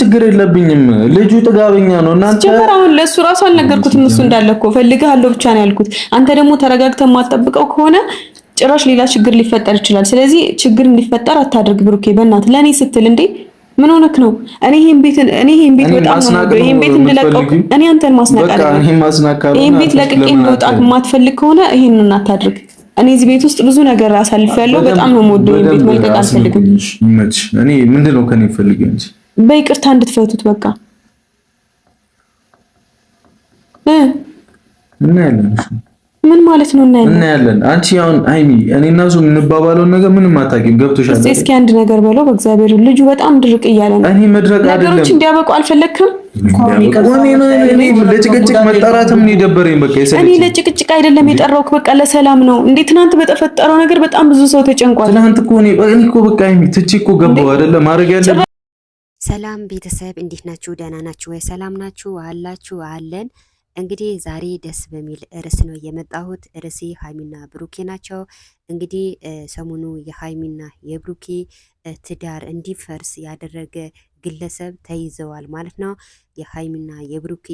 ችግር የለብኝም። ልጁ ጥጋበኛ ነው። እናንተ ጀመር አሁን ለእሱ ራሱ አልነገርኩትም። እሱ እንዳለ እኮ ፈልግሃለሁ ብቻ ነው ያልኩት። አንተ ደግሞ ተረጋግተ የማትጠብቀው ከሆነ ጭራሽ ሌላ ችግር ሊፈጠር ይችላል። ስለዚህ ችግር እንዲፈጠር አታድርግ ብሩኬ፣ በእናትህ ለእኔ ስትል እንዴ ምን ሆነክ ነው? እኔ ይሄን ቤት እኔ ይሄን ቤት በጣም ነው ይሄን ቤት እንለቀው። እኔ አንተን ማስናቅ አይደለም። ይሄን ቤት ለቅቄ መውጣት የማትፈልግ ከሆነ ይሄን እናታድርግ። እኔ እዚህ ቤት ውስጥ ብዙ ነገር አሳልፌያለሁ። በጣም ነው የምወደው። ይሄን ቤት መልቀቅ አልፈልግም። እኔ ምንድን ነው ከኔ ፈልገው እንጂ በይቅርታ እንድትፈቱት በቃ እናያለን። ምን ማለት ነው? እናያለን እናያለን። አንቺ አሁን ሀይሚ እኔ እና እሱ የምንባባለውን ነገር ምንም አታውቂም። ገብቶሻል? እስኪ አንድ ነገር በለው በእግዚአብሔር። ልጁ በጣም ድርቅ እያለ ነው። እኔ መድረቅ አይደለም ነገሮች እንዲያበቁ አልፈለግክም። ለጭቅጭቅ መጠራትም እኔ ደበረኝ። በቃ እኔ ለጭቅጭቅ አይደለም የጠራሁት፣ በቃ ለሰላም ነው። እንዴ ትናንት በተፈጠረው ነገር በጣም ብዙ ሰው ተጨንቋል። ትናንት እኮ እኔ እኮ በቃ ሀይሚ ትቼ እኮ ገባሁ አይደለም ማድረግ ያለብኝ ሰላም ቤተሰብ እንዴት ናችሁ? ደህና ናችሁ ወይ? ሰላም ናችሁ አላችሁ አለን። እንግዲህ ዛሬ ደስ በሚል ርዕስ ነው የመጣሁት። ርዕሴ ሀይሚና ብሩኬ ናቸው። እንግዲህ ሰሞኑ የሀይሚና የብሩኬ ትዳር እንዲፈርስ ያደረገ ግለሰብ ተይዘዋል ማለት ነው። የሀይሚና የብሩኬ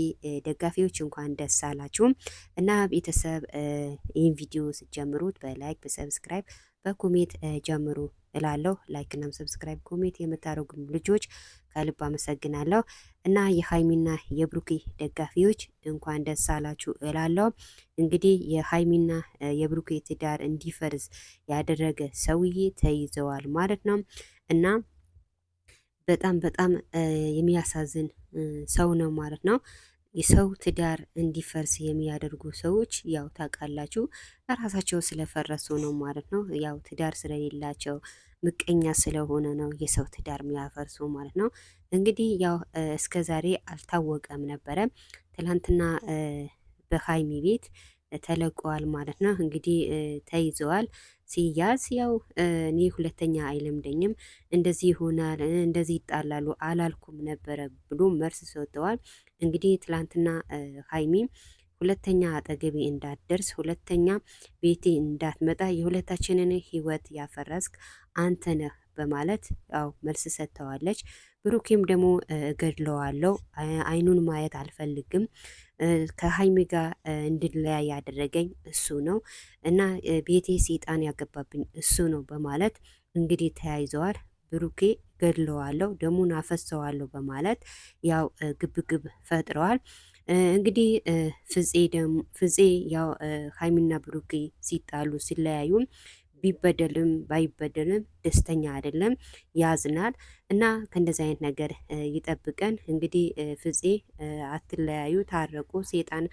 ደጋፊዎች እንኳን ደስ አላችሁም እና ቤተሰብ ይህን ቪዲዮ ስትጀምሩት በላይክ በሰብስክራይብ በኮሜንት ጀምሩ እላለሁ። ላይክና ሰብስክራይብ ኮሜንት የምታደርጉም ልጆች ከልብ አመሰግናለሁ እና የሀይሚና የብሩኬ ደጋፊዎች እንኳን ደስ አላችሁ እላለሁ። እንግዲህ የሀይሚና የብሩኬ ትዳር እንዲፈርስ ያደረገ ሰውዬ ተይዘዋል ማለት ነው እና በጣም በጣም የሚያሳዝን ሰው ነው ማለት ነው። የሰው ትዳር እንዲፈርስ የሚያደርጉ ሰዎች ያው ታውቃላችሁ፣ ራሳቸው ስለፈረሱ ነው ማለት ነው። ያው ትዳር ስለሌላቸው ምቀኛ ስለሆነ ነው የሰው ትዳር የሚያፈርሱ ማለት ነው። እንግዲህ ያው እስከዛሬ አልታወቀም ነበረ። ትላንትና በሀይሚ ቤት ተለቀዋል ማለት ነው። እንግዲህ ተይዘዋል። ሲያዝ ያው እኔ ሁለተኛ አይለምደኝም፣ እንደዚህ ይሆናል፣ እንደዚህ ይጣላሉ አላልኩም ነበረ ብሎ መርስ ሰጥተዋል። እንግዲህ ትላንትና ሀይሚ ሁለተኛ አጠገቤ እንዳትደርስ፣ ሁለተኛ ቤቴ እንዳትመጣ፣ የሁለታችንን ህይወት ያፈረስክ አንተ ነህ በማለት ያው መልስ ሰጥተዋለች። ብሩኬም ደግሞ እገድለዋለሁ፣ አይኑን ማየት አልፈልግም፣ ከሀይሚ ጋር እንድለያይ ያደረገኝ እሱ ነው እና ቤቴ ሴጣን ያገባብኝ እሱ ነው በማለት እንግዲህ ተያይዘዋል። ብሩኬ ገድለዋለሁ፣ ደሙን አፈሰዋለሁ በማለት ያው ግብግብ ፈጥረዋል። እንግዲህ ፍፄ ያው ሀይሚና ብሩኬ ሲጣሉ ሲለያዩም ቢበደልም ባይበደልም ደስተኛ አይደለም፣ ያዝናል እና ከእንደዚህ አይነት ነገር ይጠብቀን። እንግዲህ ፍፄ አትለያዩ፣ ታረቁ፣ ሴጣን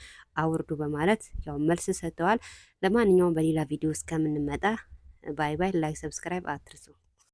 አውርዱ በማለት ያው መልስ ሰጥተዋል። ለማንኛውም በሌላ ቪዲዮ እስከምንመጣ ባይ ባይ። ላይክ ሰብስክራይብ አትርሱ።